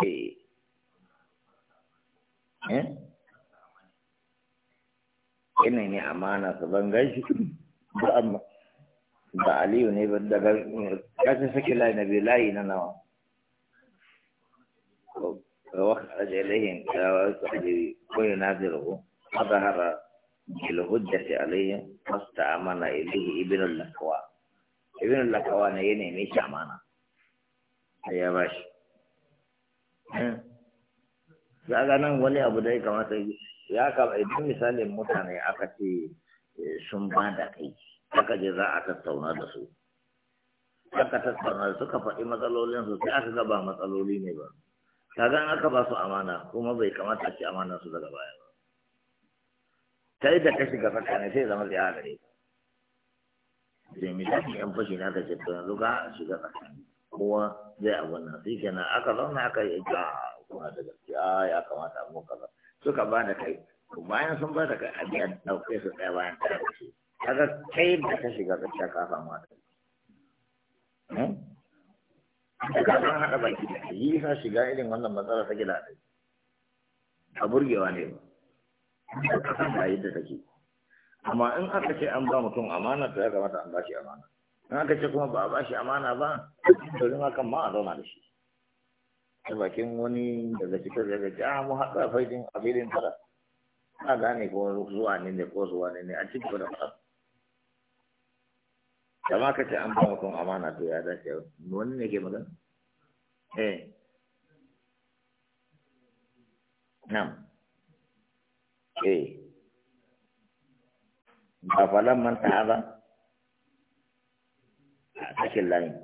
pay. Eh? Yanayi ne amana su ban gashi ba Aliyu ba daga ƙasin suke layi na biyu layi na nawa. Wakar da ilayin gawa su aje koyi na zirgu, ba hara ilhujja ta alayin masta amana ilihi ibinun lakawa. Ibinun lakawa na yanayi ne shi amana. Ya bashi. Zaga eh. ga nan wani abu da ya kamata ya kama idan misalin mutane aka ce eh, sun ba da kai aka je za a tattauna da su aka tattauna da suka faɗi matsalolin su sai aka gaba matsaloli ne ba kaga aka ba su amana kuma bai kamata a ci amana su daga baya ba kai da ka shiga tsakani sai zama ziyara gare ka sai misali yan fashi na ka ce to yanzu ka shiga tsakani kowa zai abun nan shi kenan aka zauna aka yi ja ah, kuma da a ah, ya kamata mu kaza suka ba da kai bayan sun ba da kai a biyan ɗauke su ɗaya bayan ta ce kaga kai da ka shiga gaskiya ka samu A daga kan haɗa baki da yi sa shiga irin wannan matsala ta gida ɗai a burgewa ne ba ka san ba yadda take amma in aka ce an ba mutum amana to ya kamata an ba shi amana in aka ce kuma ba a bashi amana ba domin hakan ma a zauna da shi ta bakin wani daga cikin daga ce ah, a mu haɗa faidin a filin tara a gane ko zuwa ne ne ko zuwa ne ne a cikin da fara da ma ka ce an ba mutum amana to ya dace wani ne ke magana eh nam eh ba falan man ba ƙarshen layin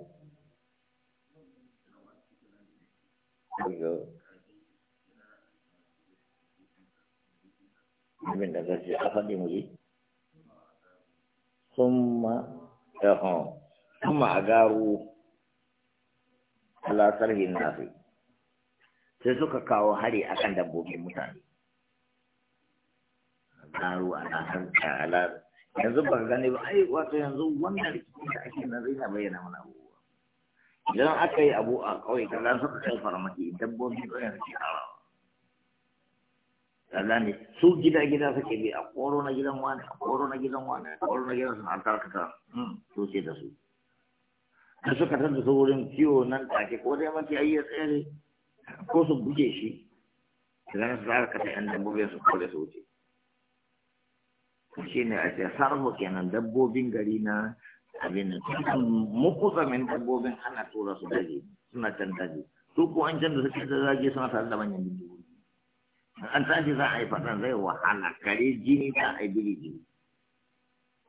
abin da gaske a faɗi mu yi summa yahon summa a garu alasar hinnafi sai suka kawo hari akan dabbobin mutane A garu alasar yanzu ba gane ba ai wato yanzu wannan rikicin da ake na zai bayyana mana abubuwa idan aka yi abu a kawai za su kai farmaki dabbobi ko yanzu ke karawa kaza ne su gida gida suke bi a koro na gidan wani a koro na gidan wani a koro na gidan hmm, su har tarkata su ce da su da suka tattu su wurin kiwo nan take ko dai mace ayyar ya tsere ko su buge shi su gane su tarkata yan dabbobin su kore su wuce shi ne a ce sarho kenan dabbobin gari na abin nan mukusa min dabbobin ana tura su daji suna can daji su ko an can da suke da zage suna tare da manyan dabbobi an tashi za a yi faɗan zai wahala kare jini ta a yi biri jini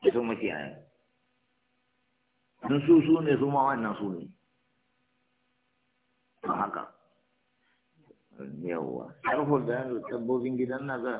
da sun mace a sun su su ne su ma wannan su ne to haka yawwa sarho da dabbobin gidan na za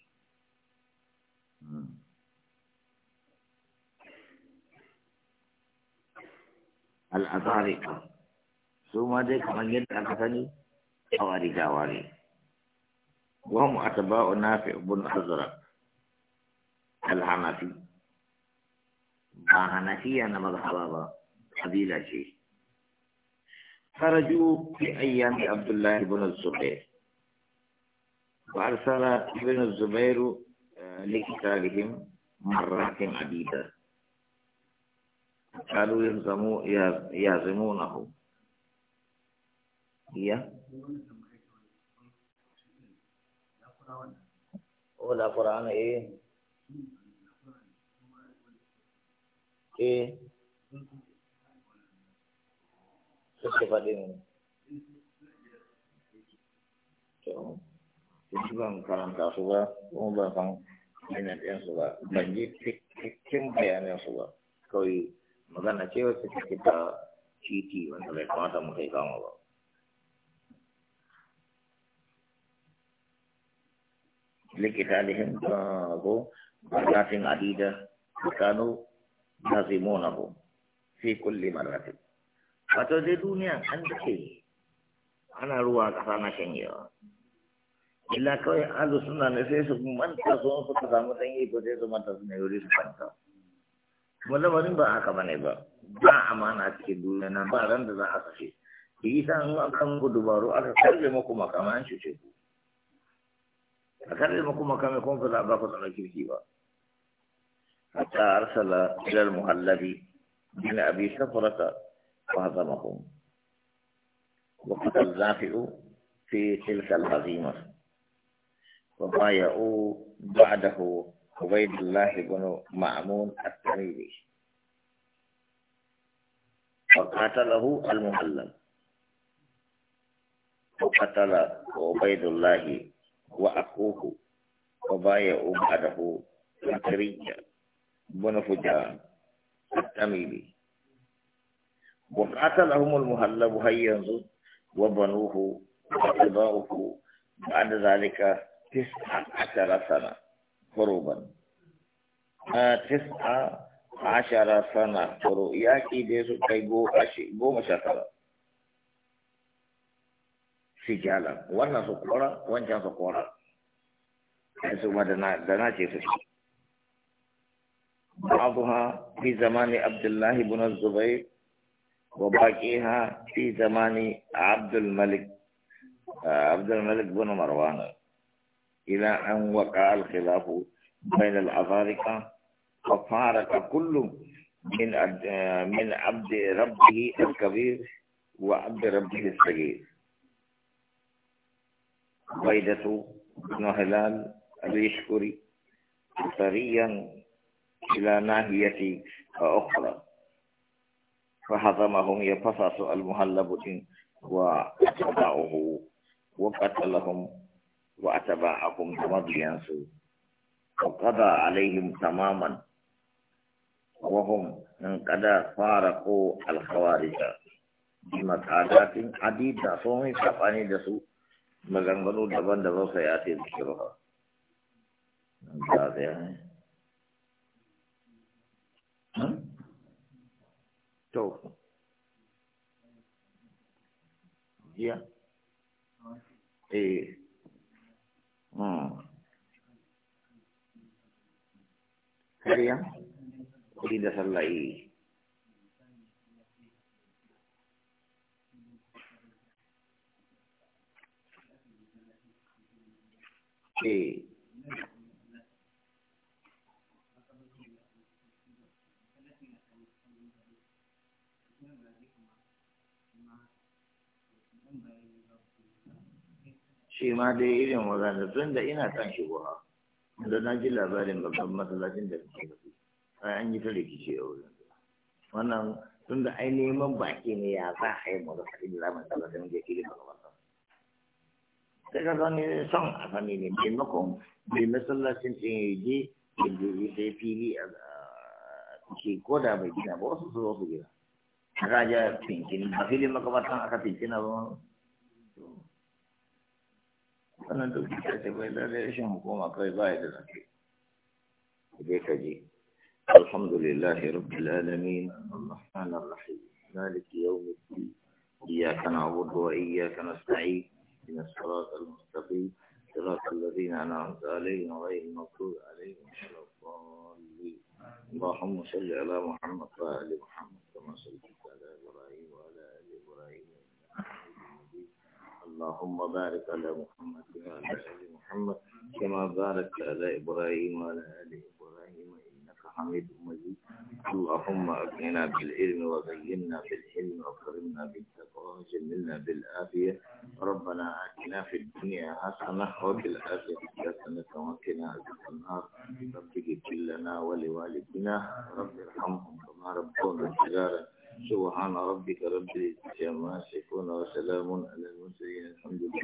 al'azarika su ma dai kamar yadda aka sani awari gawari wa mu atba'u nafi ibn azra al-hanafi ba hanafiya na mazhaba ba kabila ce خرجوا في أيام عبد الله بن الزبير وأرسل ابن الزبير لكتابهم مرات عديدة قالوا يهزمونه هي ولا قرآن إيه إيه كيف تفعلين؟ Jadi bang ba, kuma ban san minat ɗin su ba, ban ji cikakken bayanin su ba. Kawai magana ce wacce take ta titi wanda bai kamata mu kai kama ba. likita lihin ko marratin adida kanu nazimunahu fi kulli marratin wato dai duniya an dace ana ruwa kasa na shanyewa illa kawai ahlu suna ne sai su manta su suka samu sanyi ko sai su manta su ne wuri su kwanta kuma lamarin ba haka bane ba ba amana cikin duniya na ba ran da za a kashe ki yi sa in aka muku dubaru aka karbe muku makama an cuce ku a karbe muku makama kuma ba za a ba ku tsaron kirki ba hatta arsala ilal muhallabi bin abi safrata wa hazamahum wa qatal zafi'u fi tilka al-hazimah وبايعوا بعده عبيد الله بن معمون التميمي فقاتله المهلل وقتل عبيد الله وأخوه وبايعوا بعده زكريا بن فجان التميمي وقاتلهم المهلب هيا وبنوه وقضاؤه بعد ذلك تسعة عشر سنة قربا آه، تسعة عشر سنة قرو ياكي ديسو كيبو أشي بو مشاكلة جالا وانا سكورا وانجا سكورا حيث ما دنا دنا بعضها في زمان عبد الله بن الزبير وباقيها في زمان عبد الملك آه، عبد الملك بن مروان إلى أن وقع الخلاف بين الأفارقة ففارق كل من من عبد ربه الكبير وعبد ربه الصغير بيدة بن هلال اليشكري ثريا إلى ناحية أخرى فهزمهم يفصص المهلب وأتبعه وقتلهم وأتباعهم مضيانسو وقضى عليهم تماما وهم انقضى فارقوا الخوارج بمقعدات عديدة صومي فقاني دسو مغنغلو دبن دبن سياتي ذكرها ممتازة يعني تو جيا ايه Kariya? Hmm. Kudi da sallah eh, shi ma dai irin magana tun da ina kan shigowa da na ji labarin babban masallacin da suke da su ai an yi ta rikici a wurin wannan tun da ai neman baki ne ya za a yi mu da kaɗin zaman da zai je irin da kamar sai ka gani son a sani ne maimakon bai masallacin ɗin ya je yanzu ya sai fili a ke ko da bai gina ba wasu su wasu gina aka ja finkin ba filin makamantan aka finkina ba الحمد لله رب العالمين الرحمن الرحيم مالك يوم الدين إياك نعبد وإياك نستعين من الصراط المستقيم صراط الذين أنعمت عليهم غير المغضوب عليهم ولا الضالين اللهم صل على محمد ال محمد كما صليت على إبراهيم وعلى آل إبراهيم اللهم بارك على محمد على آل محمد كما باركت على إبراهيم وعلى آل إبراهيم إنك حميد مجيد اللهم أكرمنا بالعلم وزينا بالحلم وأكرمنا بالتقوى وجملنا بالعافية ربنا آتنا في الدنيا حسنة وفي الآخرة حسنة وقنا عذاب النار رب اغفر لنا ولوالدينا رب ارحمهم كما ربونا صغارا سبحان ربك رب العزة عما يصفون وسلام على المرسلين الحمد لله